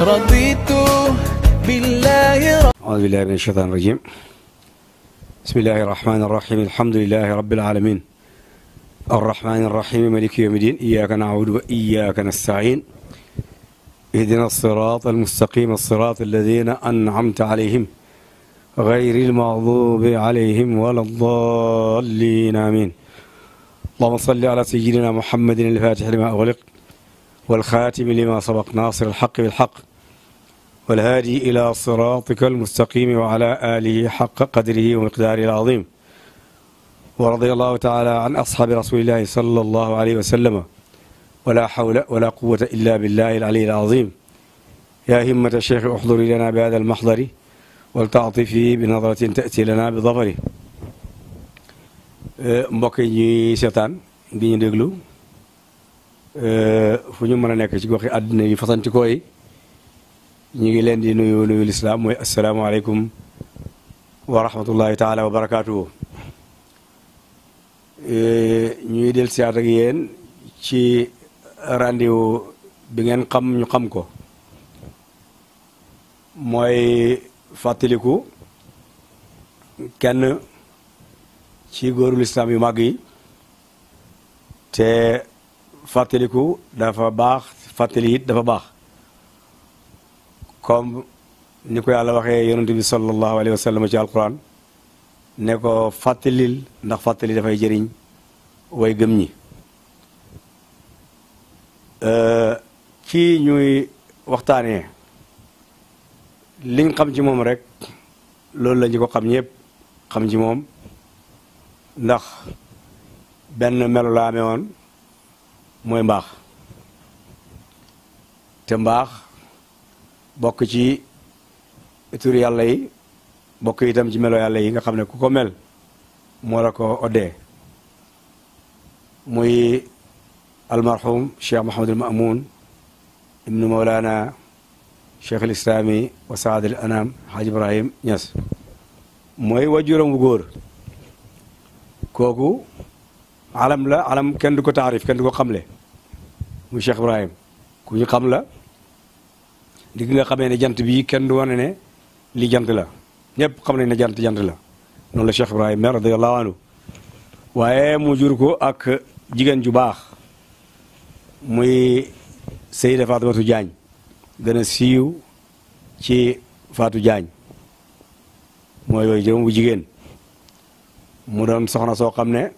رضيت بالله رب أعوذ بالله من الشيطان الرجيم بسم الله الرحمن الرحيم الحمد لله رب العالمين الرحمن الرحيم ملك يوم الدين إياك نعبد وإياك نستعين اهدنا الصراط المستقيم الصراط الذين أنعمت عليهم غير المغضوب عليهم ولا الضالين آمين اللهم صل على سيدنا محمد الفاتح لما أغلق والخاتم لما سبق ناصر الحق بالحق والهادي إلى صراطك المستقيم وعلى آله حق قدره ومقداره العظيم ورضي الله تعالى عن أصحاب رسول الله صلى الله عليه وسلم ولا حول ولا قوة إلا بالله العلي العظيم يا همة الشيخ احضري لنا بهذا المحضر ولتعطفي بنظرة تأتي لنا بظفره أه، مبكي شيطان بني دقلو fu ñu mën a nekk ci goxi àddina yi fasantikoo yi ñu ngi leen di nuyu nuyu lislaam mooy asalaamaaleykum wa rahmatullahi taala wa barakaatuhu e, ñuy del siyaat ak ci rendez-vous bi ngeen xam ñu xam ko mooy fàttaliku kenn ci góoru lislaam yu màgg yi te fàttaliku dafa baax fàttali it dafa baax comme ni ko yàlla waxee yonent bi sallallahu alayhi wa sallam ci ne ko fàttalil ndax fàttali dafay jariñ way gëm ñi kii ñuy waxtaanee liñ xam ci moom rek loolu la ko xam ñépp xam ci moom ndax benn melo la amee woon mooy mbaax te mbaax bokk ci tur yàlla yi bokk ci melo yàlla yi nga xam ne ku ko mel moo la ko oddee mooy almarhum cheikh mahamadul mamoun ibnu maulana cheikh islami wa saad ibrahim ñas mooy wajuram bu góor kooku alam la alam kenn du ko taarif kenn du ko xamle mu Cheikh Ibrahim ku ñu xam la di nga xamee ne jant bii kenn du wane ne li jant la ñëpp xam nañ ne jant jant la noonu la Cheikh Ibrahim mer radiyallahu anhu waaye mu jur ko ak jigéen ju baax muy Seyda Fatimatu Jaañ gën a siiw ci Faatu Jaañ mooy yooyu jëm bu jigéen mu doon soxna soo xam ne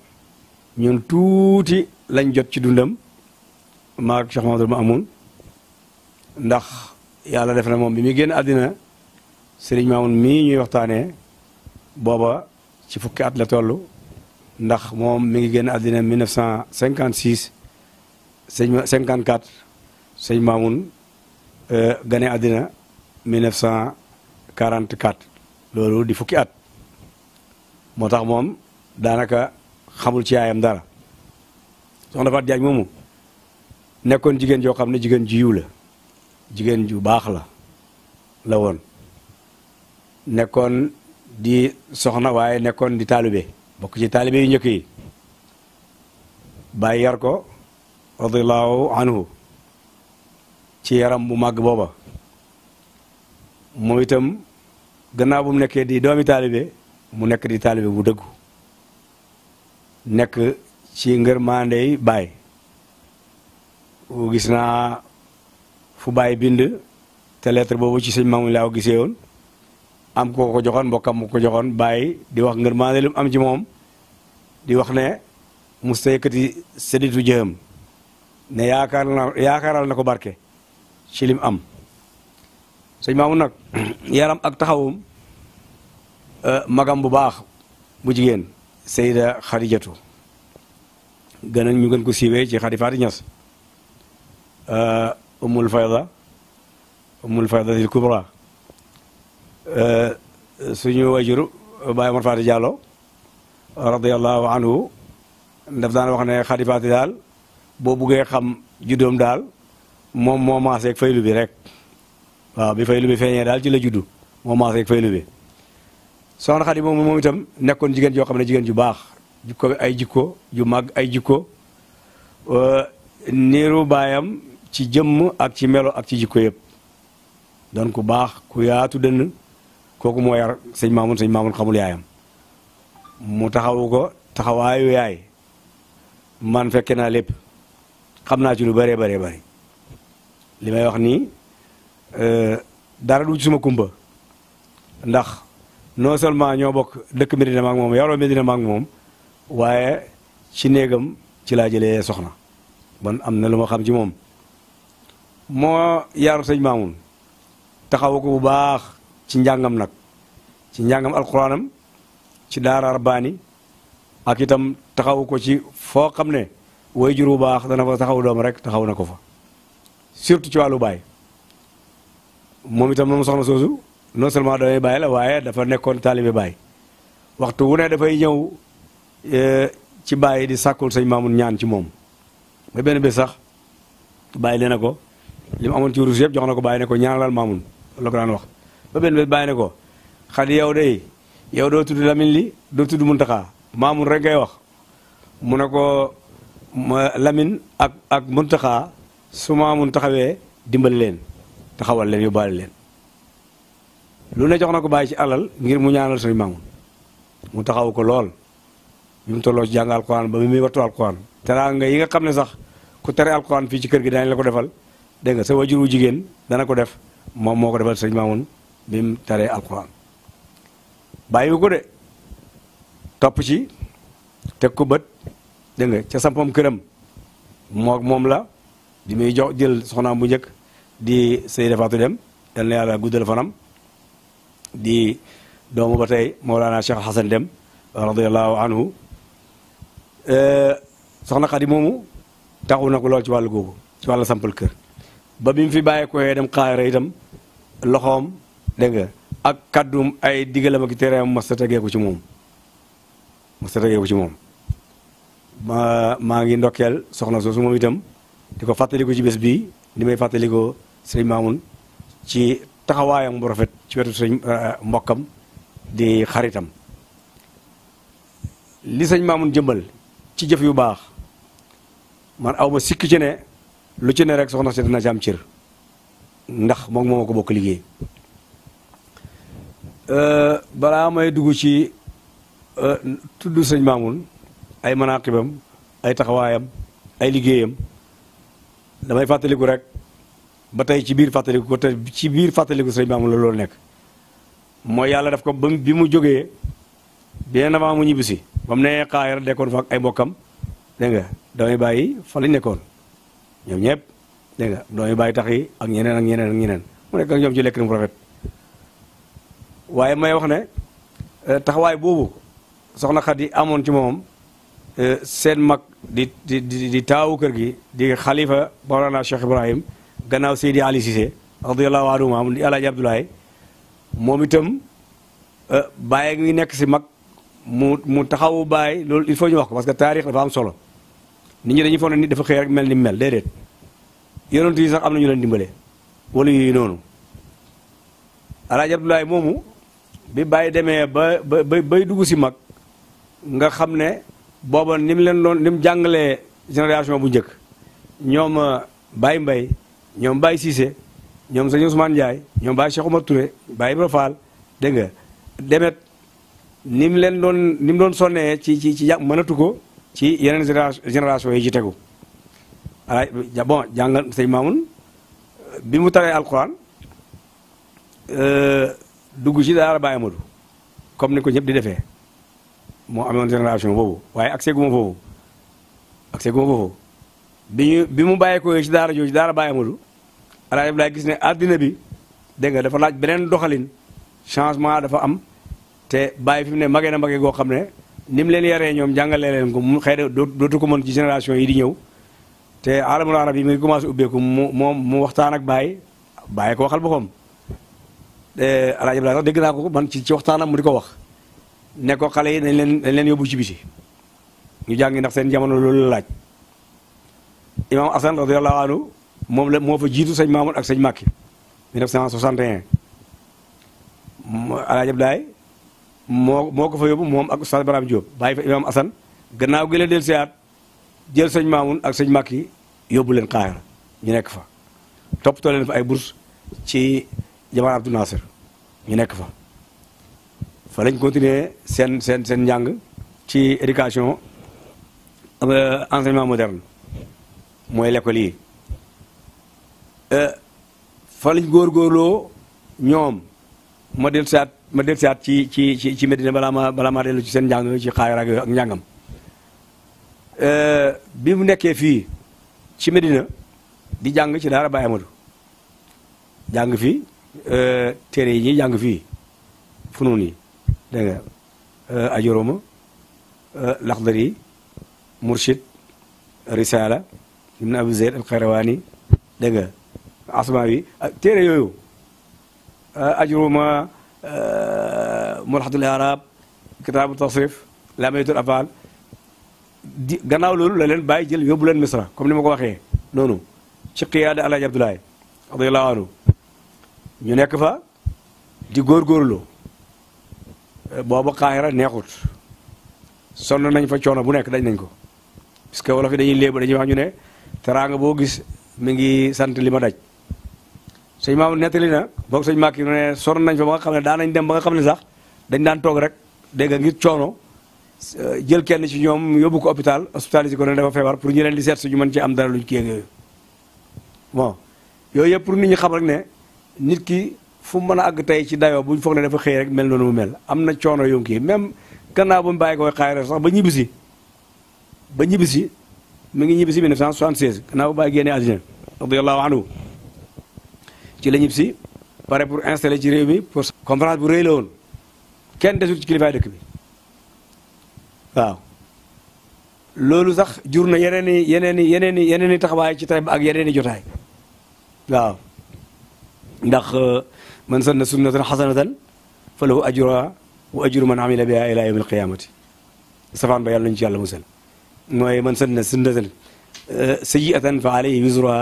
ñun tuuti lañ jot ci dundam maag Cheikh Mamadou Mamoun ndax yàlla def na moom bi muy génn addina Serigne Mamoun mi ñuy waxtaanee booba ci fukki at la toll ndax moom mi ngi génn àddina 1956 sëñ 54 sëñ Mamoun euh, gane àddina 1944 loolu di fukki at moo tax moom daanaka xamul ci yaayam dara soxna Fatou Diagne moomu. nekkoon jigéen joo xam ne jigéen ji yiw la jigéen ju baax la la woon nekkoon di soxna waaye nekkoon di taalibe bokk ci taalibe yu njëkk yi bàyyi yar ko radiallahu anhu ci yaram bu màgg booba moom itam gannaaw bu mu nekkee di doomi taalibe mu nekk di taalibe bu dëggu nekk ci ngër maandey baay gis na fu bindu bind te lettre bobu ci seigne mamou law gise won am ko ko joxone bokam ko joxone bay di wax ngir ma am ci mom di wax ne mustayekati seditu ne yaakar na yaakaral na barke ci lim am seigne mamou nak yaram ak taxawum euh, magam bu baax bu jigen sayyida khadijatu gën a ñu gën ko siwé ci khadifa di ñass umul fayda umul faydatil kubra suñu wajuru Baye Mor Fati Diallo radiyallahu anhu daf daan wax ne Khady daal boo buggee xam juddoom daal moom moo maaseeg faylu bi rek waaw bi faylu bi feeñee daal ci la juddu moo maaseeg faylu bi soxna Khady moom moom itam nekkoon jigéen joo xam ne jigéen ju baax jikko ay jikko ju mag ay jikko niiru bayam ci jëmm ak ci melo ak ci jikko yëpp don ku baax ku yaatu dënn kooku moo yar sëñ Maamun sëñ Maamun xamul yaayam mu taxawu ko taxawaayu yaay man fekke naa lépp xam naa ci lu bëree bëree bëri li may wax nii euh, dara du ci suma kumba ndax non seulement ñoo bokk dëkk Medina maak moom yaroo Medina maak moom waaye ci néegam ci laa jëlee soxna bon am na lu ma xam ci moom moo yaaru sëñ Maamun taxawu ko bu baax ci njàngam nag ci njàngam alxuraanam ci daara arbaani ak itam taxawu ko ci foo xam ne way jur bu baax dana fa taxaw doom rek taxaw na ko fa surtout ci wàllu baay moom itam moom soxna soosu non seulement damay bàyyi la waaye dafa nekkoon taalibe baay waxtu wu ne dafay ñëw e, ci bàyyi di sàkkul sëñ Maamun ñaan ci moom ba benn bés sax bàyyi leen na ko li mu amoon ci wurus yëpp jox na ko bàyyi ne ko ñaanalal maamun la daan wax ba benn bés bàyyi ne ko xadi yow de yow doo tudd Lamine li doo tudd Muntaxa maamun rek ngay wax mu ne ko lamin ak ak Muntaxa su maamun taxawee dimbali leen taxawal leen yóbbaale leen lu ne jox na ko bàyyi ci alal ngir mu ñaanal suñu maamun mu taxaw ko lool bi mu tolloo ci jàng ba bi muy wattu alquran. teraanga yi nga xam ne sax ku tere alquran fii ci kër gi daañu la ko defal. dégg nga sa wajur jigéen dana ko def moom moo ko defal sëñ Mamoun bi taree alquran bàyyi ko de topp ci teg ko bët dégg nga ca sampam këram moo moom la di muy jox jël soxnaam bu njëkk di Seyda Fatou Dem yal na yàlla guddal fanam di doomu ba tey Mawlana Cheikh Xasan Dem radiyallahu anhu eh, soxna Xadi moomu taxu na ko lool ci wàllu googu ci wàllu sampal kër ba bi mu fi bàyyeekoo dem xaayira itam loxoom dégg nga ak kàddu ay digalam ak tereem mos a tegee ci moom mos a tegee ci moom. ma maa ngi ndokkeel soxna soosu moom itam di ko fàttaliku ci bés bii li may fàttalikoo sëñ Maamun ci taxawaayam bu rafet ci wetu sëñ euh, mbokkam di xaritam li sëñ Maamun jëmbal ci jëf yu baax man awma sikki ci ne. lu ci ne rek soxna si dana ci am ndax moom moo ko bokk liggéey euh, balaa may dugg ci euh, tudd sëñ Mamoun ay manaqibam ay taxawaayam ay liggéeyam damay fàttaliku rek ba tey ci biir fàttaliku ba tey ci biir fàttaliku sëñ Mamoun la loolu nekk mooy yàlla def ko ba bi mu jógee bien na mu ñibbisi ba mu nee xaayar dekkoon fa ak ay mbokkam dégg nga damay bàyyi fa lañ nekkoon ñoom ñëpp dégg nga doomi bàyyi tax yi ak ñeneen ak ñeneen ak ñeneen mu nekk ak ñoom ci lekk mu rafet waaye may wax ne eh, taxawaay boobu soxna Xadi amoon ci moom eh, seen mag di di taawu kër gi di xalifa Mawlana Cheikh Ibrahim gannaaw Seydi Ali Cissé radiyallahu anhu maam di Alaaji Abdoulaye moom itam eh, bàyyi ngi nekk si mag mu mu taxawu bàyyi loolu il faut ñu wax ko parce que taarix dafa am solo nit ñi dañuy foog ne nit dafa xëy rek mel ni mel déedéet yonent yi sax am na ñu leen dimbale wala yooyu noonu alaaji Abdoulaye moomu bi bàyyi demee ba ba bay dugg si mag nga xam ne booba nim leen doon ni jàngalee génération bu njëkk ñoom uh, Baye Mbaye ñoom Baye Cissé ñoom sëñ Ousmane Ndiaye ñoom Baye Cheikh Omar Touré Baye Ibra dégg nga demet ni mu leen doon ni mu doon sonnee ci ci ci mënatu ko ci yeneen génération yi ci tegu ala bon jàngal sëñ Maamun bi mu taree alquran euh, dugg ci daara Baay Amadu comme ni ko ñëpp di defee moo amoon génération boobu waaye accès gu ma foofu accès gu ma bi ñu bi mu bàyyeekoo ci daara jooju daara Baay Amadu alaa def laay gis ne àddina bi dégg nga dafa laaj beneen doxalin changement dafa am te bàyyi fi mu ne magee na magee goo xam ne ni mu leen yaree ñoom jàngalee leen ko mu xëy na dootu ko mën ci génération yi di ñëw te alamul arab yi mu ngi commencé ubbeeku mu moom mu waxtaan ak Baye Baye ko waxal boppam eh, alaaji Abdoulaye sax dégg naa ko man ci ci mu di ko wax ne ko xale yi nañ leen nañ leen yóbbu ci ñu jàngi ndax seen jamono loolu la laaj imaam Asan radiyallahu anhu moom la moo fa jiitu sëñ Maamoun ak sëñ Màkki 1961 alaaji daay moo moo ko fa yóbbu moom ak Oustaz Barham Diop bàyyi fa imaam Assane gannaaw gi la del siyaat jël sëñ Maamun ak sëñ Makki yóbbu leen Kaahira ñu nekk fa toppatoo leen fa ay bourse ci jamaan Abdou Nasser ñu nekk fa fa lañ continuer seen seen seen njàng ci éducation euh, enseignement moderne mooy l'école yi euh, fa lañ góorgóorloo ñoom ma del siyaat ma del siaat ci ci ci ci Medina balaa maa dellu ci seen njàng ci xaayar ak yooyu ak njàngam euh, bi mu nekkee fii ci Medina di jàng ci daara Baye Amadou jàng fii euh, téere yi ñuy jàng fii funuun yi dégg nga euh, ajuróoma laxdari murshid risala ibn abi zayd al xayrawaani dégg nga asma yooyu ajuróoma mulxatul arab kitaabu tasrif laamatul afal di gannaaw loolu la leen bàyyi jël yóbbu leen misra comme ni ma ko waxee noonu ci qiyaada alaaji abdoulaye radiallahu anhu ñu nekk fa di góorgóorlu euh, boobu xaahira neexut sonn nañ fa coono bu nekk dañ nañ ko parce que wolof yi dañuy léeba dañuy wax ñu ne teraanga boo gis mi ngi sant li ma daj sëñ Mamour nettali na boog sëñ Màkki mu ne sonn nañ fa ba nga xam ne daan nañ dem ba nga xam ne sax dañ daan toog rek dégg nga ngir coono jël kenn ci ñoom yóbbu ko hôpital hospitalisé ko ne dafa feebar pour ñu leen di seet suñu mën ci am dara luñ kii ak yooyu bon yooyu yëpp pour nit ñi xam rek ne nit ki fu mën àgg tey ci dayoo buñ foog ne dafa xëy rek mel noonu mu mel am na coono yu kii même gannaaw bu mu bàyyi koy xaayre sax ba ñibbisi ba ñibbisi mi ngi ñibbisi 1976 gannaaw bu bàyyi génnee àddina radiyallahu anhu ci la ñib si pare pour installer ci réew mi pour conférence bu rëy la woon kenn desul ci kilifaay dëkk bi waaw loolu sax jur na yeneen i yeneen i yeneen yeneen i taxawaay ci tay ba ak yeneen i jotaay waaw ndax euh, man sanna sunnatan xasanatan fa lahu ajruha wa ajru man amila e ila yawmi alqiyamati safaan ba yàlla nañu ci yàlla musal mooy man sanna sunnatan euh, sayyi'atan fa alayhi wizruha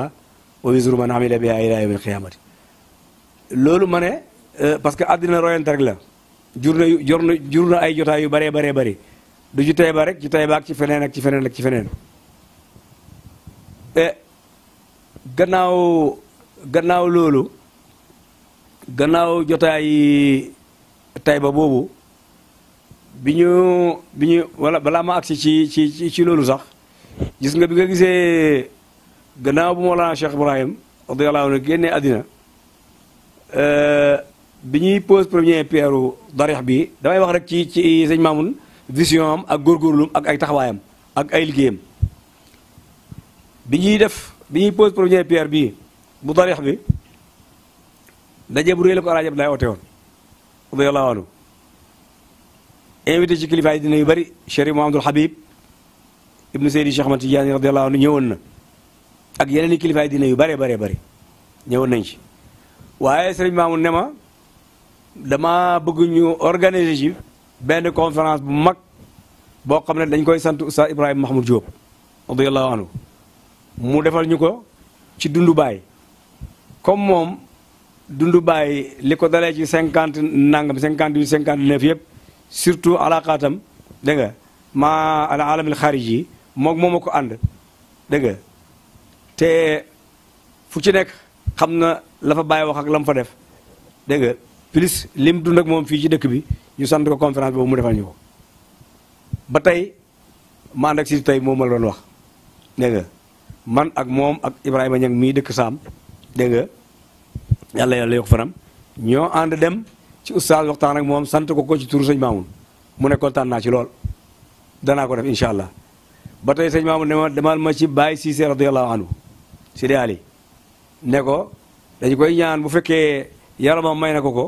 wa wizru man amila biha ila yawmi alqiyamati loolu ma ne euh, parce que àddina royante rek la jur na jur na jur na ay jotaay yu baree baree bari du ci Taïba rek ci Taïba ak ci feneen ak ci feneen ak ci feneen e gannaaw gannaaw loolu gannaaw jotaay Taïba boobu bi ñu bi ñu wala balaa ma agsi ci ci ci loolu sax gis nga bi nga gisee gannaaw bu Mawlana Cheikh Ibrahim radiyallahu anhu génnee àddina Euh, bi ñuy pose premier pierre darix bi damay wax rek ci ci sëñ Mamoun vision am ak góorgóorlum ak ay taxawaayam ak ay liggéeyam bi ñuy def bi ñuy pose première pierre bii bu darix bi ndaje bu réy la ko alaajab laay oote woon radiyallahu anhu invité ci kilifaay dina yu bari Chérif Mouhamadul Habib ibnu Seydi Cheikh Ahmad Tidiane radiyallahu anhu ñëwoon na ak yeneen i kilifaay dina yu bëree bëree bëri ñëwoon nañ ci waaye sëriñ Mamoune ne ma dama bëgg ñu ji benn conférence bu mag boo xam ne dañ koy sant Oustaz Ibrahima Mahmoud Diop radiyallahu anhu mu defal ñu ko ci dundu baay comme moom dundu baay li ko dalee ci cinquante nangam cinquante huit cinquante neuf yëpp surtout alaakaatam dégg nga maa al alamil xaarij yi moom moo ko ànd dégg te fu ci nekk. xamna na la fa baye wax ak lam fa def deug plus lim dund ak mom fi ci dekk bi ñu sant ko conférence boobu mu defal ñuko ba tay ma ak ci tay moom ma wax deug man ak mom ak Ibrahima ñang mi dekk sam deug yalla yalla yàlla faram ño and dem ci oustad waxtan ak mom sant ko ko ci turu seigne mamoun mu ne kontaan na ci lool dana ko def inshallah ba tay seigne mamoun ne demal ma ci Baye Cissé radhiyallahu anhu ci Ali Nego, ko dañu koy ñaan bu fekkee yaramam may na ko ko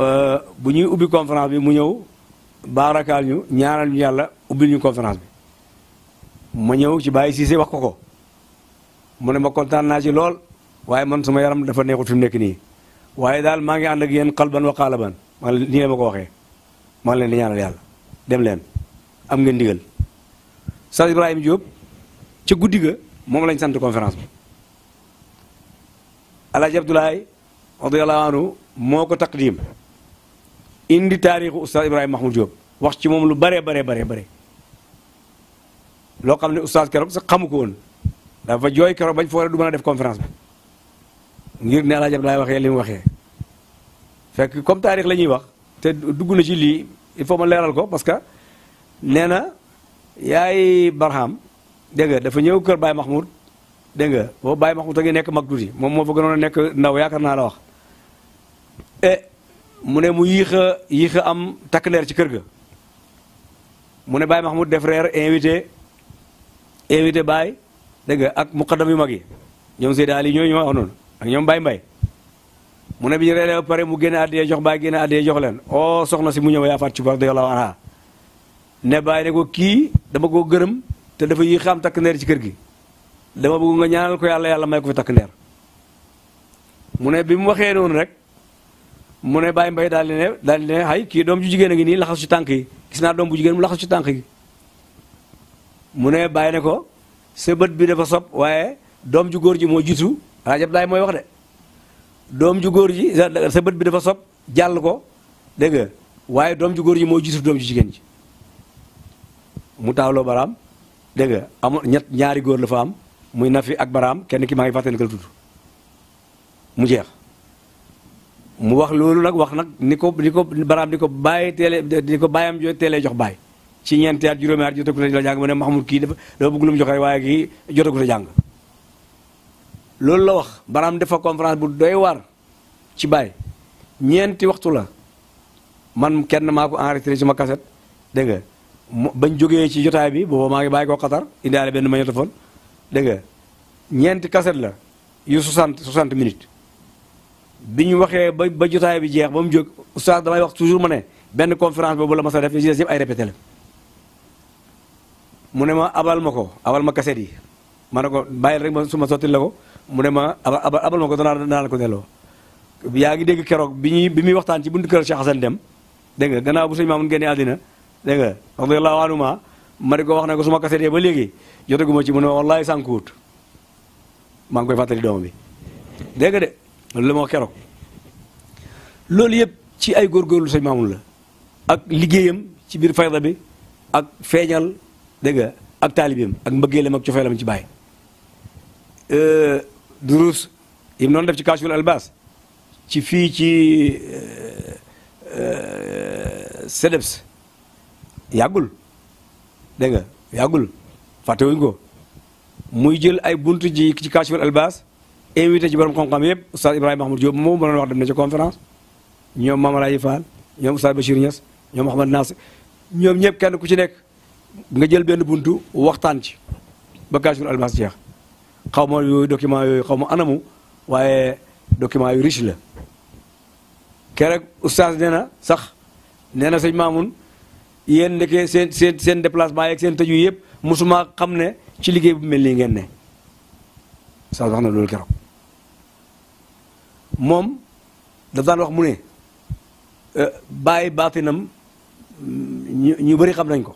euh, bu ñuy ubbi conférence bi mu ñëw baarakaal ñu ñaanal ñu yàlla ubbil ñu conférence bi ma ñëw ci Baye Cissé wax ko ko mu ne ma kontaan naa ci lool waaye man suma yaram dafa neexut fi mu nekk nii ngi ak wa xaalaban ma nii la ma ko waxee leen di ñaanal dem leen am ngeen ndigal Sall Ibrahima Diop ca guddi ga moom lañ sant conférence bi alaaji abdoulaye radiallahu anhu moo moko taqdim indi tarikh Ustaz Ibrahim mahmoud job. wax ci mom lu bare bare bare bare lo xamni ne kero sax xamuko won woon dafa joy bañ foore du def conférence bi ngir ne alaaji abdoulaye waxe lim waxe waxee fekk comme taarix lañuy wax te dugg ci li il faut ma leral ko parce que nee barham deug dafa ñew kër baye mahmoud dégg nga boo bàyyi ma ngi nekk mag tuuti moom moo fa gënoon a nekk ndaw yaakaar naa la wax e mu ne mu yéex a am takk leer ci kër ga mu ne Baye Mahmoud def reer invité invité Baye dégg nga ak muqaddam yu mag yi ñoom Seydou Aliou ñooñu ma wax noonu ak ñoom Baye Mbaye mu ne bi ñu reeree ba pare mu génne addiyee jox Baye génne addiyee jox leen oo soxna si mu ñëw yaa faat ci radiyallahu anha ne Baye ne ko kii dama koo gërëm te dafa yéex a am takk leer ci kër gi. dama bëgg nga ñaanal ko yàlla yàlla may ko fi takk ndeer mu ne bi mu waxee noonu rek mu ne bàyyi mbay daal di ne daal ay kii doom ju jigéen a ngi nii laxas ci tànk yi gis naa doom bu jigéen mu laxas ci tànk yi mu ne bàyyi ne ko sa bët bi dafa sob waaye doom ju góor ji moo jiitu rajab daay mooy wax de doom ju góor ji bi dafa sob jàll ko dégg nga waaye doom ju góor ji moo jiitu doom ji jigéen ji mu taawloo baraam dégg nga amul ñett ñaari góor la fa am muy Nafi ak baram kenn ki ma ngi fàttali ko tuddu mu jeex mu wax lolu nak wax nak niko niko baram niko baye di niko bayam jo teelee jox baye ci ñeenti at juroom at jotagut a jàng mu ne Mahamud ki dafa do bëgg lu mu joxe waaye kii jotagut la jang lolu la wax baram defa conférence bu doy war ci baye ñenti waxtu la man kenn mako enregistrer ci ma cassette de nga bañ joggé ci jotay bi bo ma ngi baye ko Qatar ma ñu telephone dégg nga ñeenti kaset la yu 60 60 minutes bi ñu waxee ba ba jotaay bi jeex ba mu jóg oustaz damay wax toujours ma ne benn conférence boobu la ma sa def yi yëpp ay répété mu ne ma abal ma ko abal ma kaset yi ma ne ko bàyyil rek ma su ma sotti la ko mu ne ma abal abal ma ko danaa danaa la ko delloo yaa ngi dégg keroog bi ñuy bi muy waxtaan ci buntu kër Cheikh Hassane dem dégg nga gannaaw bu sëñ Maamun génnee àddina dégg nga radiyallahu anhu ma di ko wax na ko su ma ko seetee ba léegi jotaguma ci mu ne wallaay sànkuwut maa ngi koy fàttali doom bi dégg nga de lu ma keroog loolu yëpp ci ay góorgóorlu sëñ Mamoun la ak liggéeyam ci biir fayda bi ak feeñal dégg nga ak taalibeem ak mbëggeelam ak cofeelam ci bàyyi euh, duruus yi mu noonu def ci kaasful albaas ci fii ci CEDEPS euh, euh, yàggul dégg nga yàggul fàttewuñ ngo muy jël ay buntu ji ci Kaashiful Albaas invité ci borom xam-xam yëpp oustaz Ibrahima Mahmoud moom ma doon wax dem na ci conférence ñoom Mame Alaye Fall ñoom oustaz Bachir Niass ñoom Mouhamad Nasir ñoom ñëpp kenn ku ci nekk nga jël benn buntu waxtaan ci ba Kaashiful Albaas jeex xaw ma yooyu document yooyu xaw ma anamu waaye document yu riche la keroog oustaz nee na sax nee na sëñ Maamun yéen ndeke seen seen seen déplacement yeeg seen tëju yëpp mosuma xam ne ci liggéey bu mel nii ngeen ne saa wax na loolu keroog moom daf daan wax mu ne euh, bàyyi baatinam ñu ñu bëri xam nañ ko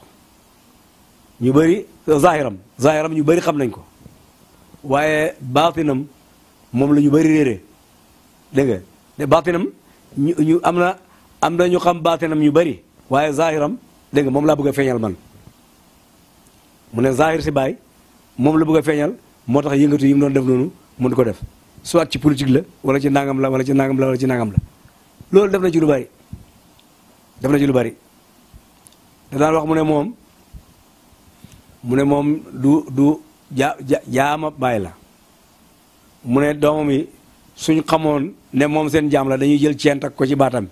ñu bëri zahiram zahiram ñu bari xam nañ ko waaye baatinam moom la ñu bëri réeree dégg nga te baatinam ñu ñu am na am na ñu xam baatinam ñu bari waaye zahiram dégg nga moom laa bëgg a feeñal man mu ne zahir si baay moom la bëgg a feeñal moo tax yëngatu yi mu doon def noonu mun ko def soit ci politique la wala ci nangam la wala ci nangam la wala ci nangam la loolu def na ci lu bari def na ci lu bari da daan wax mu ne moom mu ne moom du du jaa jaama baay la mu ne doomam yi suñ xamoon ne moom seen jaam la dañuy jël ceen takk ko ci baatam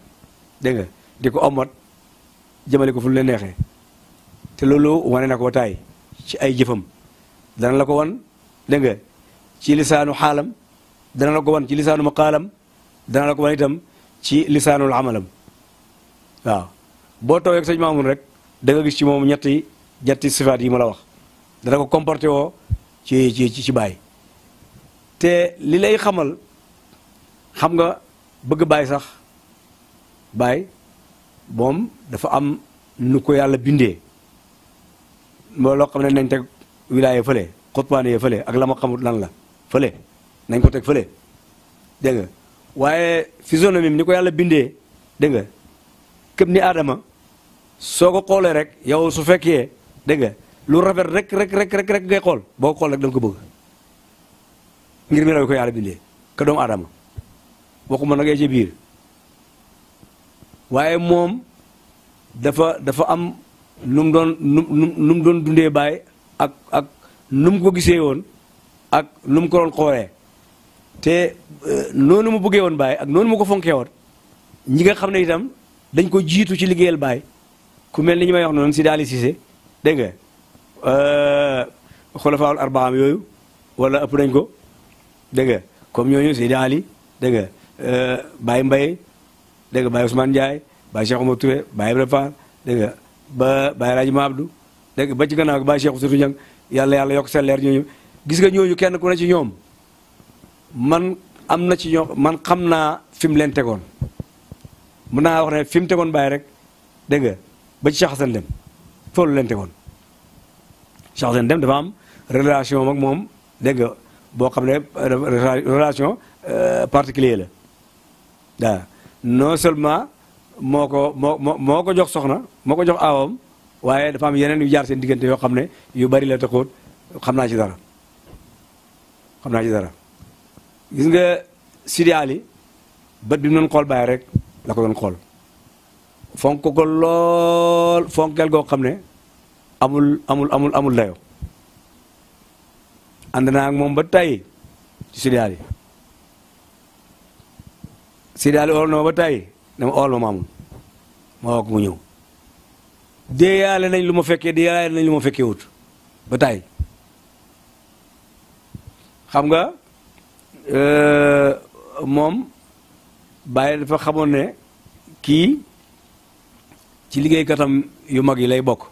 dégg nga di ko omot jëmale ko fu mu leen neexee te loolu wane na ko taay ci ay jëfam dana la ko wan dégg nga ci lisaanu xaalam dana la ko wan ci lisaanu maqaalam dana la ko wan itam ci lisaanul amalam waaw boo toogee ak sëñ Maamun rek da nga gis ci moom ñetti ñetti sifaat yi ma la wax dana ko comporté woo ci ci ci baay te li lay xamal xam nga bëgg baay sax baay moom dafa am nu ko yàlla bindee moo loo xam ne nañ teg wilaaye fële xutbaane yee fële ak la ma xamut la fële nañ ko teg fële dégg nga waaye physionomie ni ko yàlla bindee dégg nga képp ni aadama soo ko xoolee rek yow su fekkee dégg nga lu rafet rek rek rek rek rek ngay xool boo ko xool rek da nga ko bëgg ngir mi raw ko yàlla bindee ka doomu aadama waxuma nag ci biir waaye moom dafa dafa am nu doon nu mu doon dundee baay ak ak nu ko gisee woon ak nu mu ko doon xoolee te euh, noonu mu bëggee woon baay ak noonu mu ko fonkee woon ñi nga xam ne itam dañ ko jiitu ci liggéeyal baay ku mel ni ñu may noon noonu si daali Cissé dégg nga euh, xulafaawul arbaam yooyu wala ëpp nañ ko dégg comme ñooñu si daali danga nga euh, Baye Mbaye dégg nga Baye Ousmane Ndiaye Baye Cheikh Oumar Touré ba Ibrahima Fall dégg nga ba Baye Raji Mabdou dégg nga ba ci gannaaw Baye Cheikh Ousseynou yàlla yàlla yokk seen leer ñooñu gis nga ñooñu kenn ku ne ci ñoom man am na ci ñoom man xam naa fi mu leen tegoon mun naa wax ne fi mu tegoon Baye rek dégg nga ba ci Cheikh foolu leen tegoon Cheikh Hassane Dème dafa am relation ak moom dégg nga boo xam ne euh, relation euh, particulier la waaw non seulement moo ko moo moo ko jox soxna moo ko jox awom waaye dafa am yeneen yu jaar seen diggante yoo xam ne yu bari la taxoon xam naa ci dara xam naa ci dara gis nga Sidi Ali bët bi mu doon xool bàyyi rek la ko doon xool fonk ko lool fonkeel goo xam ne amul amul amul amul layo ànd naa ak moom ba tey ci Sidi Ali Sidi Aliou ool na ma ba tey dama ool ma maamul ma woo mu ñëw déeyaale nañ lu ma fekkee déeyaale nañ lu ma fekkee wut ba tey xam nga euh, moom bàyyi dafa xamoon ne kii ci liggéeykatam yu mag yi lay bokk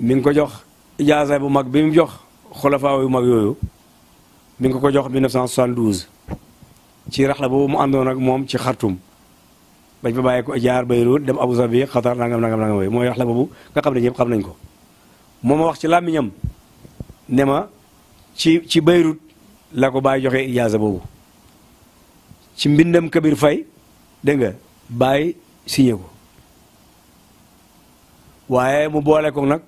mi ngi ko jox ijaasa bu mag bi mu jox xolofaaw yu mag yooyu mi ngi ko ko jox 1972. ci raxla boobu mu àndoon ak moom ci xartum bañ fa bàyyi ko jaar Beyrouth dem Abu Dhabi Qatar nangam nangam nangam yooyu mooy raxla boobu nga xam ne ñëpp xam nañ ko. moo ma wax ci làmmiñam ne ma ci ci Beyrouth la ko bàyyi joxe ijaaza boobu ci mbindam Kabir Fay dégg nga bàyyi signé ko waaye mu boole ko nag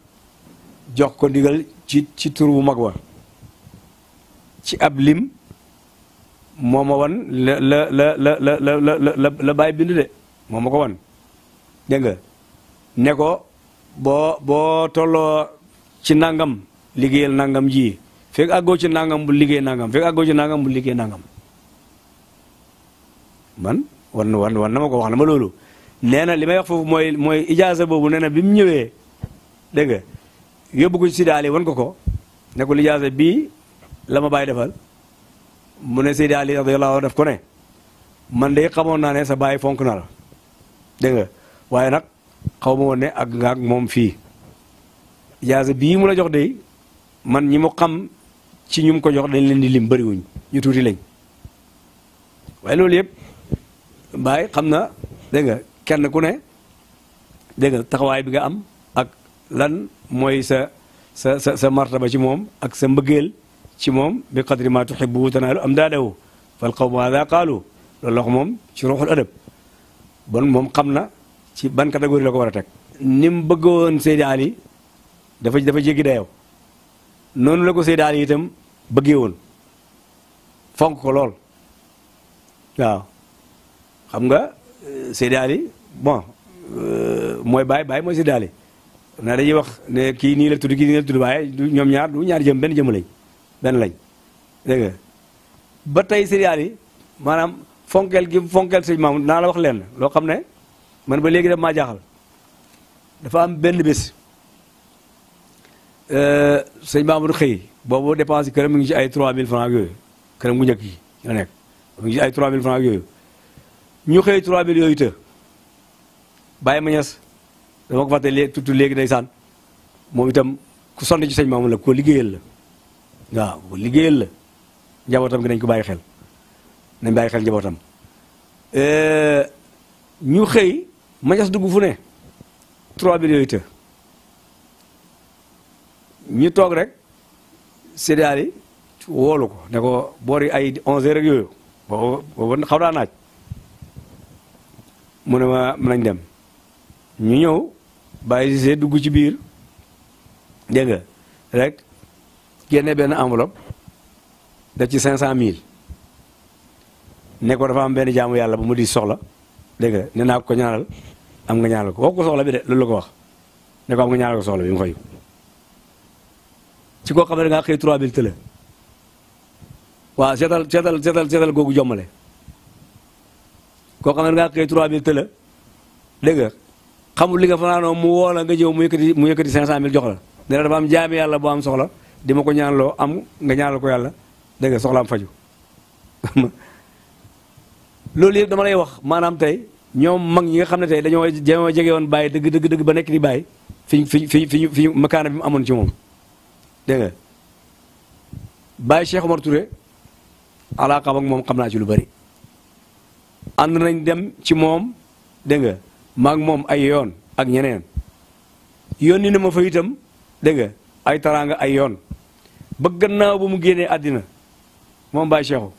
jox ko ndigal ci ci tur wu mag wa ci ab lim. moo ma wan la la la la la la la la bàyyi bind de moo ma ko wan dégg nga ne ko boo boo tolloo ci nangam liggéeyal nangam ji fekk àggoo ci nangam bu liggéey nangam fekk àggoo ci nangam bu liggéey nangam man wan wan wan na ma ko wax na ma loolu nee na li may wax foofu mooy mooy ijaasa boobu nee na bi mu ñëwee dégg nga yóbbu ko ci sidaali wan ko ko ne ko lijaasa bii la ma bàyyi defal mu ne Seydi Ali radiyallahu anhu def ko ne man de xamoon naa ne sa baay fonk na la dégg nga waaye nag xaw ma woon ne ak nga ak moom fii yaasa bii mu la jox de man ñi mu xam ci ñu mu ko jox dañ leen di lim bëriwuñ ñu tuuti lañ waaye loolu yëpp baay xam na dégg nga kenn ku ne dégg nga taxawaay bi nga am ak lan mooy sa sa sa sa martaba ci moom ak sa mbëggeel ci moom bi qadri ma tuxibu tanaalu am daadahu fal qawmu hada qaalu loolu la moom ci ruuxul adab bon moom xam na ci ban catégorie la ko war a teg. ni mu bëggoon Seydi Ali dafa dafa jéggi dayaw noonu la ko Seydi Ali itam bëggee woon fonk ko lool waaw xam nga euh, Seydi Ali bon euh, mooy baay baay mooy Seydi Ali naa dañuy wax ne kii nii la tudd kii nii la tudd waaye ñoom ñaar du ñaar jëm benn jëm lañ. benn lañ dégg nga ba tey sëriñ yi maanaam fonkel gi fonkel sëñ Mamour naa la wax leen loo xam ne man ba léegi daf maa dafa am benn bés euh, sëñ Mamour xëy boobu dépense këram mu ngi ci ay 3000 francs yooyu këram gu njëkk yi la nekk mu ngi ci ay 3000 francs yooyu ñu xëy 3000 yooyu të bàyyi ma ñes dama ko fàtte léegi tuuti léegi day saan moom itam ku sonn ci sëñ Mamour la ko liggéeyal la waaw liggéeyal la njabootam gi nañ ko bàyyi xel nañ bàyyi xel njabootam euh, ñu xëy mañas dugg fu trois millions yooyu të ñu toog rek séddaal yi woolu ko ne ko boori ay onze rek yooyu boobu xaw daa naaj mu ne ma mën nañ dem ñu ñëw bàyyi see dugg ci biir dégg rek génne benn enveloppe def ci 500000 ne ko dafa am benn jaamu yàlla bu mu di soxla dégg ne nee naa ko ñaanal am nga ñaanal ko wax ko bi la ko wax ne ko am nga ñaanal ko bi mu fayu ci koo xam ne da ngaa xëy 3000 tële waaw seetal seetal seetal seetal googu jommale koo xam ne da ngaa xëy 3000 tële dégg nga xamul li nga fanaanoo mu woo la nga jëw mu yëkkati mu yëkkati 500000 jox la ne la dafa am jaami yàlla bu am soxla. di ma ko ñaanaloo am nga ñaanal ko yàlla dégg nga soxlaam faju loolu yëpp dama lay wax maanaam tey ñoom mag ñi nga xam ne tey dañoo jéem jege woon bàyyi dëgg dëgg dëgg ba nekk di bàyyi fi fi fi fi fi makaana bi mu amoon ci moom dégg nga bàyyi Cheikh Omar Touré alaakaam moom xam naa ci lu bari. ànd nañ dem ci moom dégg nga maag moom ay yoon ak ñeneen yoon ni ne ma fa itam dégg nga ay taraanga ay yoon. ba gannaaw ba mu génnee àddina moom Baye Cheikhou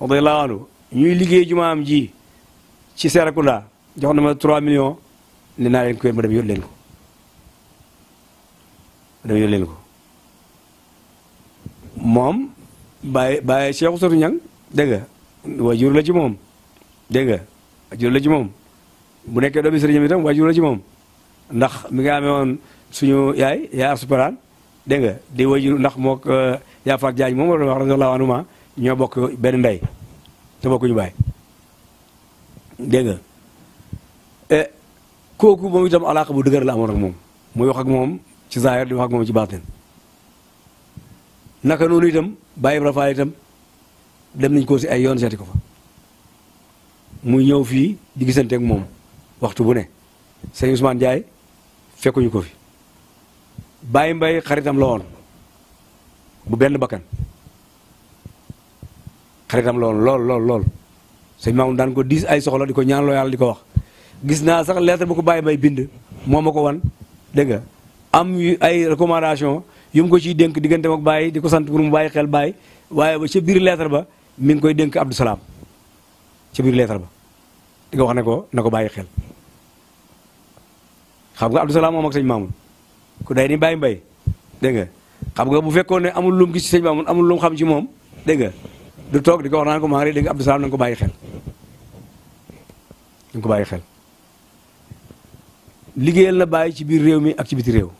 radiyallahu anhu ñuy liggéey jumaam ji ci Serakunda jox na ma 3 millions ne naa leen ko ma dem yóbbu leen ko ma ko moom Baye Baye Cheikhou Sotou Niang dégg nga waajur la ci moom dégg nga waajur la ci moom bu nekkee doomi sëriñam itam waajur la ci moom ndax mi nga amee woon suñu yaay yaay Arsu Paraan dégg nga di wajur ndax mook euh, Yaafat Jaañ moom la wax radiyallaahu anhumaa ñoo bokk benn ndey te bokkuñu baay dégg nga eh, kooku moom itam alaaka bu dëgër la amoon ak moom mooy wax ak moom ci zaahir di wax ak moom ci baatin naka noonu itam bàyyi rafaal tam dem nañ ko si ay yoon seeti ko fa muy ñëw fii di gisanteeg moom waxtu bu ne sëñ Ousmane Ndiaye fekkuñu ko fi bay mbay xaritam la bu benn bakkan xaritam la woon lool lool lool sëñ Mamoune dan ko dis ay soxla di ko ñaan lo yalla di wax gis na sax lettre bu ko bay mbay bind momako ko wan deug am am ay recommandation yum ko ci denk diggante ak bay di ko sant pour mu bàyyi xel bay waye ba ci bir lettre ba mi ngi koy denk Abdou salam ci bir lettre ba di wax ne ko na ko xel xam nga Abdou salam mom ak sëñ Mamoune ku day ni bàyyi mbay dégg nga xam nga bu fekkoon ne amul lum mu gis ci sëñ Mamoun amul lu mu xam ci moom dégg nga du toog di ko wax naan ko maa ngi lay dégg Abdou ko bàyyi xel na ko bàyyi xel liggéeyal na bàyyi ci biir réew mi ak ci biti réew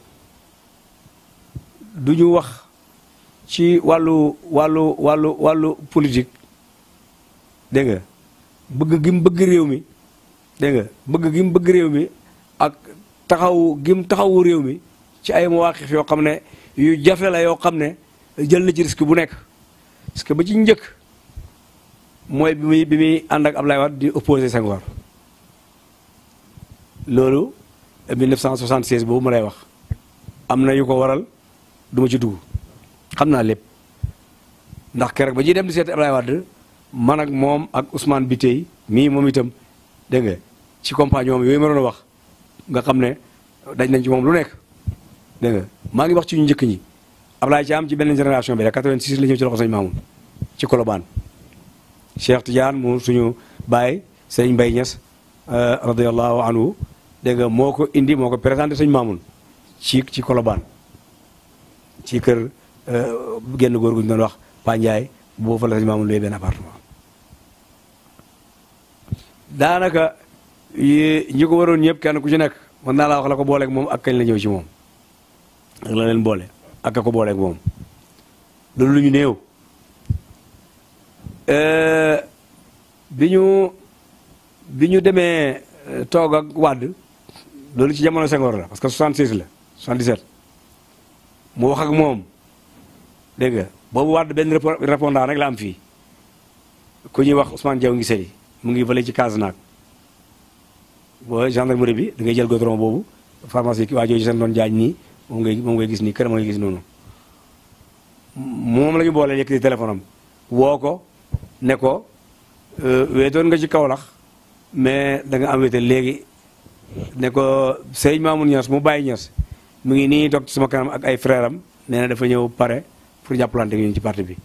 du ñu wax ci wàllu wàllu wàllu wàllu politique dégg nga bëgg gi bëgg réew mi dégg nga bëgg gim bëgg réew mi ak taxaw gi mu taxawu réew mi ci ay mawaqif yoo xam ne yu jafe la yoo xam ne jël na ci risque bu nekk parce que ba ci njëkk mooy bi muy bi muy ànd ak lay Wade di opposé Senghor loolu 1976 boobu ma lay wax am na yu ko waral duma ci dugg xam naa lépp ndax keroog ba ñuy dem di seeti Ablaye Wade man ak moom ak Ousmane Bitey mii moom itam dégg nga ci compagnon yooyu ma doon wax nga xam ne dañ nañ ci moom lu nekk. dégg maa ngi wax ci ñu njëkk ñi Ablaye Thiam ci benn génération bi rek 86 la ñëw ci ci Colobane Cheikh Tidiane moom suñu baay sëñ Mbaye Niass euh, radiyallahu anhu dégg nga moo indi moo ko présenté sëñ Mamoun ci ci Colobane ci kër euh, genn góor gu ñu doon wax Pa Ndiaye boo fa la sëñ Mamoun daanaka ñi waroon ñëpp kenn ku ci nekk mën naa laa wax la ko booleeg moom ak kañ la ñëw ci moom ak la leen boole ak loolu lu ñu néew euh, bi ñu bi ñu demee euh, toog ak wàdd loolu ci jamono Senghor la parce que 66 la 77 mu wax ak moom dégg nga boobu wàdd benn répondant rek la am fii ku ñuy wax Ousmane Diaw ngi sëy mu ngi fële ci Casenac boo gendarmerie bi da ngay jël goudron boobu pharmacie ki waa jooju seen doon jaañ nii moom ngay moom ngay gis nii këram ngay gis noonu moom la ñu boole yëkkati téléphone am woo ko ne ko euh, weetoon nga ci Kaolack mais da nga am wéete léegi ne ko sëñ Mamoun Niass mu bàyyi Niass mu ngi nii toog ci sama kanam ak ay frère am nee dafa ñëw pare pour jàppalante ñun ci parti bi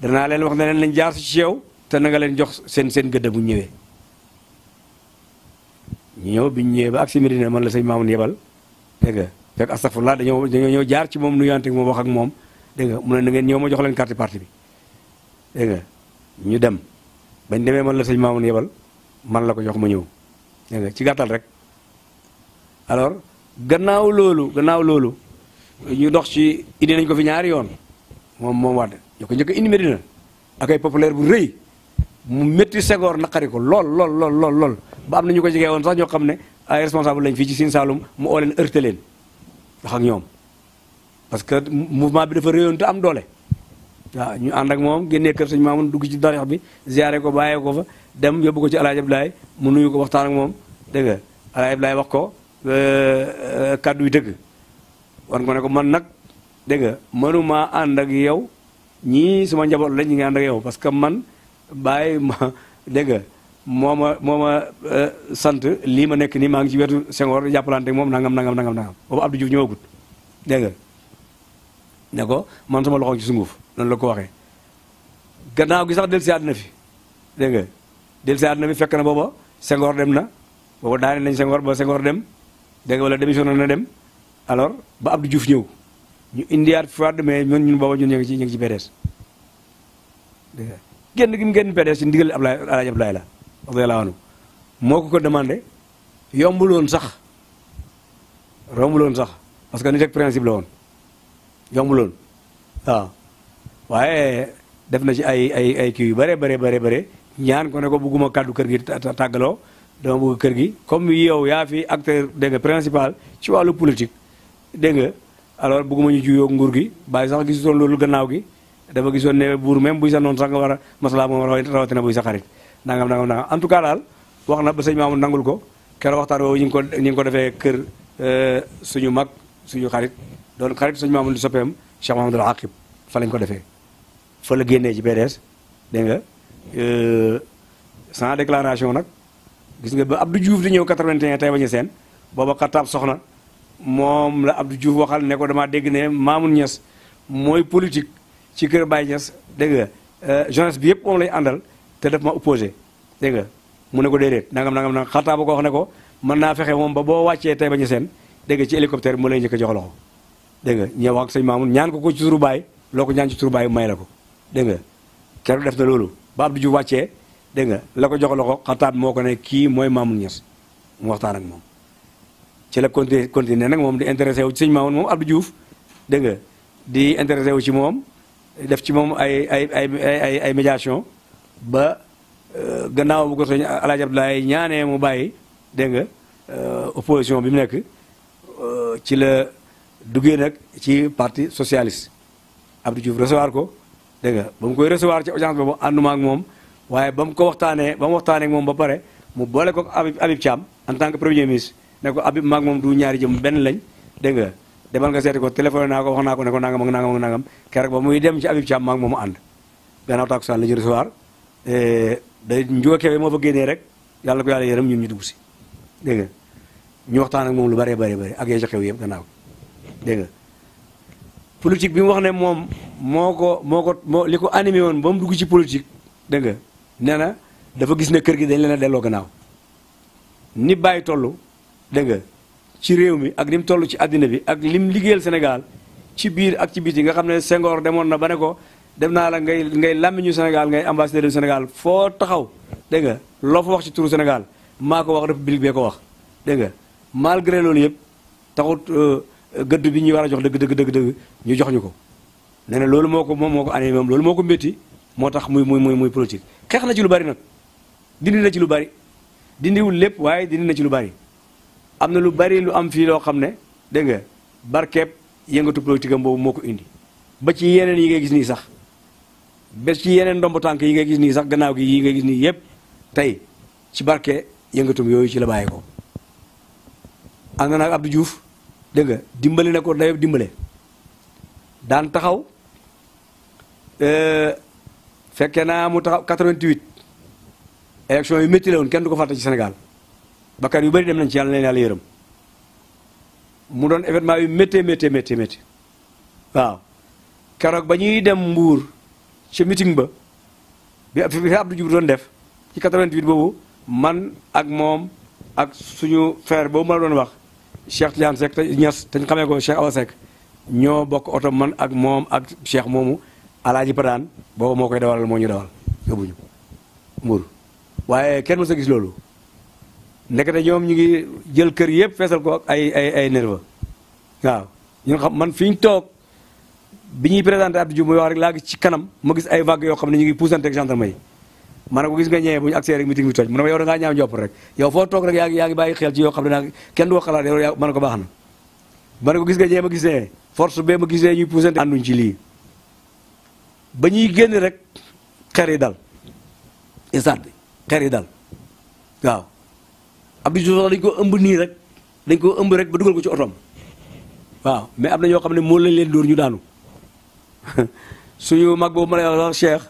danaa leen wax ne lañ jaar si te na nga leen jox seen seen gëdd bu ñëwee ñëw biñ ñëwee ba ak si Medina man la sëñ Mamoun yebal dégg fek astaghfirullah dañu dañoo ñëw jaar ci moom nuyante mom wax ak mom dégg nga mu ne na ngeen ñoo ma jox leen carte parti bi dégg nga ñu dem bañ demee man la sëñ mamoun yebal man la ko jox ma ñew dégg nga ci gatal rek alors gannaaw lolu gannaaw lolu ñu dox ci indi nañ ko fi ñaar yoon mom mom wad ñoo ko njëkk indi Medina ak ay populaire bu reuy mu metti segor naqari ko lol lol lol lool ba am na ñu ko jegee woon sax ño xamne ay responsable lañ fi ci Sine salum mu oo leen heurté leen wax ak ñoom parce que mouvement bi dafa réyoon te am doole waaw ñu ànd ak moom génnee kër sëñ Maamun dugg ci darix bi ziare ko bàyyee ko fa dem yóbbu ko ci Alaaji Ablaay mu nuyu ko waxtaan ak moom dégg nga wax ko euh, euh, kaddu yi dëgg wan ko ne ko man nag dégg nga mënuma ànd ak yow ñii suma njaboot lañ ñu ngi ànd ak yow parce que man bàyyi ma moma moma moo ma eh, sant lii ma nekk nii maa ngi ci wetu Senghor jappalante mom nangam nangam nangam nangam boobu Abdou Diouf ñëwagut dégg nga ne ko man sama loxo ci sunguf noonu la ko waxe gannaaw gi sax del ci adna fi dégg nga del ci adna fi fekk na booba Senghor dem na booba daane nañ Senghor bo Senghor dem dégg nga wala demission na dem alors ba Abdou Diouf ñew ñu indiwaat Wade mais ñun ñun booba ñun ñi ngi ci ñi ngi ci PDS dégg nga génn gi mu genn PDS ci ndigal Ablaye Ablaye la radiallahu moko ko ko demandé yombul woon sax rombul woon sax parce que nit ak principe la woon yombul woon waaw waaye def na ci ay ay ay kii bare bare bare bare ñaan ko ne ko bugguma kàddu kër gi tàggaloo dama bëgg kër gi comme yow ya fi acteur dégg nga principal ci wàllu politique dégg nga alors bëgguma ñu juyoo nguur gi bàyyi sax gisoon loolu gannaaw gi dafa gisoon ne buur même buy sa noonu sax nga war a maslaa moom rawatina buy sa xarit nangam nangam nangam en tout cas dal waxna ba nangul ko keroog waxtaan woowu ñu ngi ko ñu ngi ko defee kër euh, suñu mag suñu xarit doon xarit seigne maamu di sopem Cheikh al Aqib fa lañ ko defee fa la génné ci BDS de nga euh, sans déclaration nak gis nga ba Abdou Diouf di ñew 81 tay bañu sen boba khatab soxna mom la Abdou Diouf waxal ne ko dama dégg ne Mamoun ñess moy politique ci kër Baye ñess de nga euh, jeunesse bi yépp lay andal te daf ma opposé dégg nga mu ne ko déedéet nangam nangam nangam xataa ba ko wax ne ko mën naa fexe moom ba boo wàccee tey ba ñu seen dégg nga ci hélicoptère bi mu lay njëkk jox loxo dégg nga ñëw ak sëñ Maamun ñaan ko ko ci turu baay loo ko ñaan ci turu baay may la ko dégg nga keroog def na loolu ba Abdou Diouf wàccee dégg nga la ko jox loxo xataab moo ko ne kii mooy Maamun Ñas mu waxtaan ak moom ci la continué nag moom di intéressé wu ci sëñ Maamun moom Abdou Diouf dégg nga di intéressé wu moom def ci moom ay ay ay ay ay médiation ba eh, gannaaw bu ko sëñ Alaaji Abdoulaye ñaanee mu bàyyi de nga eh, opposition bi mu nek eh, ci le duggee nak ci parti socialiste Abdou Diouf recevoir ko de nga bam koy recevoir ci audience bobu ànduma ak mom waye bam ko waxtaanee bam mu ak mom ba pare mu bolé ko abib abib cham en tant que premier ministre ne ko abib mak mom du ñaari jëm ben lañ de nga demal nga sété ko téléphone na ko wax na ko ne ko nangam nangam nangam kérok ba muy dem ci Habib Thiam maag moomu ànd gannaaw takkusaan la ñu recevoir. Eh, day njookewee moo fa génnee rek yàlla ko yàlla yërëm ñun ñu dugg si dégg nga ñu waxtaan ak moom lu bëree bare bëri ak yee xew yëpp gannaaw dégg nga politique bi mu wax ne moom moo ko moo ko moo li ko animé woon ba mu dugg ci politique dégg nga nee na dafa gis ne kër gi dañ leen delloo gannaaw ni bàyyi toll dégg nga ci réew mi ak lim toll ci àddina bi ak lim liggéeyal Sénégal ci biir ak ci biti nga xam ne sengoor demoon na ba ko dem na la ngay ngay lamiñu senegal ngay ambassadeur du senegal fo taxaw de nga lo fa wax ci touru senegal mako wax republique be ko wax de nga malgré lool yeb taxut geud bi ñi wara jox deug deug deug deug ñu jox ñuko ko lool moko mom moko ané mom lool moko metti motax muy muy muy muy politique xeex na ci lu bari nak dindi na ci lu bari dindiwul lepp waye dindi na ci lu bari amna lu bari lu am fi lo xamne de nga barkep yëngatu politique am boobu indi ba ci yeneen yi ngay gis ni sax ba ci yeneen ndomb tànk yi nga gis nii sax gannaaw gi yi nga gis nii yëpp tey ci barke yëngatum yooyu ci la bàyyi ko ànd naag Abdou Diouf dégg nga dimbali na ko dayob dimbale daan taxaw euh, fekkee naa mu taxaw 88 élection yu métti la woon kenn du ko fàtte ci Sénégal bakkan yu bari dem nañ ci yàlla na yàlla yërëm mu doon événement yu méttee méttee méttee méttee waaw keroog ba ñuy dem Mbuur ca meeting ba bi fi Abdou Diouf doon def ci 88 boobu man ak moom ak suñu frère boobu ma la doon wax Cheikh Tidiane Seck te Niass te ñu xamee ko Cheikh Awa Seck ñoo bokk oto man ak moom ak Cheikh moomu Alaaji Padaan boobu moo koy dawalal moo ñu dawal yóbbuñu Mbour waaye kenn mësa gis loolu ndekete ñoom ñu ngi jël kër yëpp feesal ko ay ay ay nerveux waaw ñun xam man fi toog. bi ñuy présenté Abdou Diouf muy wax rek laa gis ci kanam ma gis ay vagues yoo xam ne ñu ngi puusante ak gendarme yi ma ne ko gis nga ñëwee bu ñu accès rek meeting bi toj mu ne ma yow da ngaa ñaaw njopp toog rek ne ko xalaat yow ma ne ko baax na ma gis nga ñëwee ma gisee force bee ma gisee ñuy puusante ànduñ ci lii ba ñuy génn rek xer yi dal isaat bi xer yi dal waaw Abdou Diouf sax dañ ko ëmb nii rek dañ ko ëmb rek ba dugal ko ci otoom waaw mais am na ñoo xam ne moo lañ leen dóor ñu daanu suñu mag boobu ma lay wax Cheikh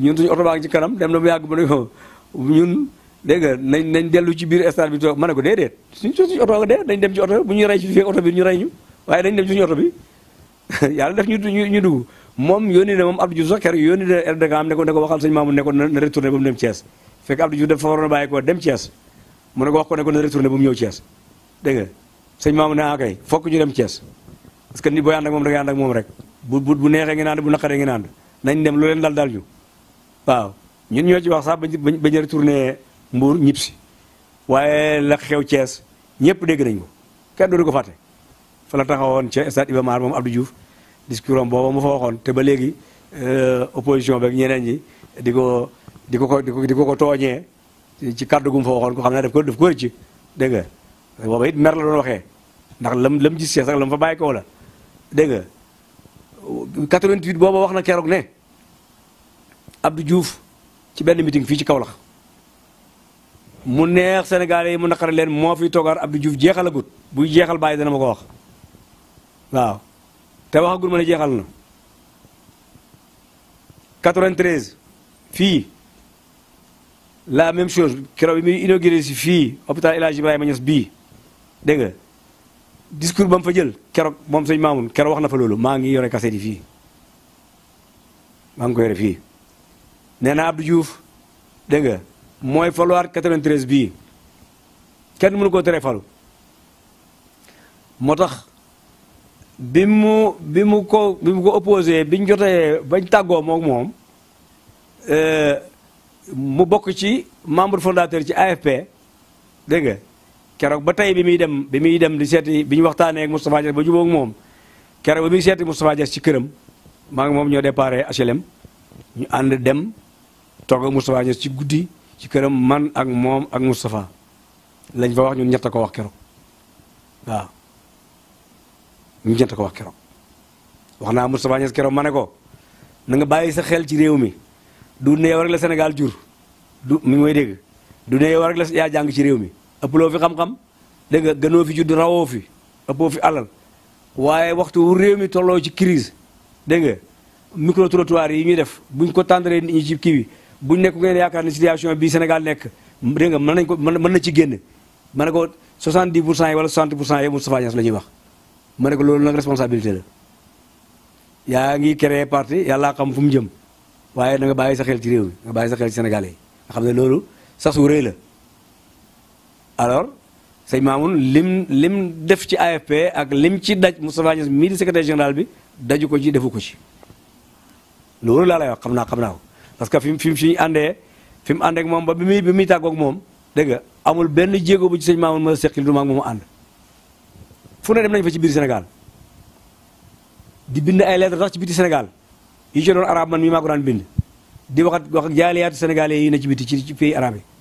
ñun suñu oto baa ngi ci kanam dem na mu yàgg ma ne ko ñun dégg nga nañ nañ dellu ci biir stade bi ma ne ko déedéet suñ suñu dee nañ dem ci oto bu ñuy rey oto bi ñu rey ñu waaye nañ dem ci suñu oto bi yàlla def ñu ñu dugg moom yónni na moom Abdou Diouf sax kër yónni na RDK am ne ko ne ko waxal sëñ Mamoun ne ko na retourné ba mu dem Thiès fekk Abdou Diouf dafa ko dem Thiès ñëw Thiès dégg nga sëñ Mamoun ne ah kay fokk ñu dem cees parce que ni boy and ak mom da ngay ànd ak mom rek bu bu bu neexee ngeen bu nakare ngeen ànd nañ dem lu len dal dal ñu waaw ñun ñoo ci wax sa bañ bañ a retourné Mbour ñib si la xew ties ñepp deg nañ ko kenn du ko faté fa la taxawon ci stade ibamar mom Abdou Diouf discours bobu mu fa waxon te ba euh opposition beeg ñeneen ñi diko diko ko diko diko ko toñé ci kàddu gum fa waxon ko xamna def ko def ko ci deug nga bobu it mer la doon waxé ndax lam lam gis Thiès lam fa bayiko la dégg nga 88 booba wax na keroog ne abdu juuf ci benn meeting fii ci kaw Kaolack mu neex Sénégalais yi mu naqare leen moo fi juuf Abdou Diouf jeexalagut buy jeexal bàyyi dana ma ko wax waaw te waxagul ma ne jeexal na 93 fii la même chose keroog bi muy inauguré si fii hôpital El Hadj Ibrahima Niass bii dégg nga discours ba mu fa jël keroog moom sëñ Mamoun keroog wax na fa loolu maa ngi yore kaset yi fii maa ngi ko fii nee naa Abdou Diouf dégg nga mooy faluwaat 93 bii kenn mënu koo teree falu moo tax bi mu bi mu ko bi mu ko opposé biñ jotee bañ tàggoo moom moom euh, mu bokk ci membre fondateur ci AFP dégg nga. keroog ba tay bi mi dem bi mi dem di séti bi ñu ak mustapha Diass ba jubo ak mom keroog bi mi séti mustapha Diass ci kërëm ma ak mom ñoo déparé HLM ñu and dem toog ak Moustapha Diass ci guddii ci kërëm man ak mom ak mustapha lañ fa wax ñun ñett ko wax keroog waaw ñu ñett ko wax keroog wax naa Moustapha Diass keroog ma ne ko na nga bàyyi sa xel ci réew mi du neew rek la Sénégal jur du mi ngi may dégg du neew rek la yaa jàng ci réew mi ëpploo fi xam-xam dégg nga gënoo fi judd rawoo fi ëppoo fi alal waaye waxtu wu réew mi tolloo ci crise dégg nga micro trottoir yi ñuy def buñ ko tàndalee nit ñi ci kii bi buñ nekk ngeen yaakaar ne situation bii Sénégal nekk dégg nga mën nañ ko mën na ci génn ma ne ko 70 pour cent yi wala 60 pour cent yi Moustapha Niass la ñuy wax ma ne ko loolu nag responsabilité la yaa ngi créé parti yàllaa xam fu mu jëm waaye na nga bàyyi sa xel ci réew mi nga bàyyi sa xel ci yi nga xam ne loolu sax su la alors sey Mamoun lim lim def ci AFP ak lim ci daj Moustapha Niass mi di secrétaire général bi daj ko ci defu ko ci loolu la lay wax xamna xamna ko parce que fim fim ci andé fim andé ak mom ba bi bi amul benn djégo bu ci sey Mamoun ma seqil du ak mom and fu ne dem nañ fa ci biir Sénégal di bind ay lettre sax ci biti Sénégal yi ci don arab man mi ma ko dan bind di waxat wax ak jaliyat sénégalais yi na ci biti ci pays arabe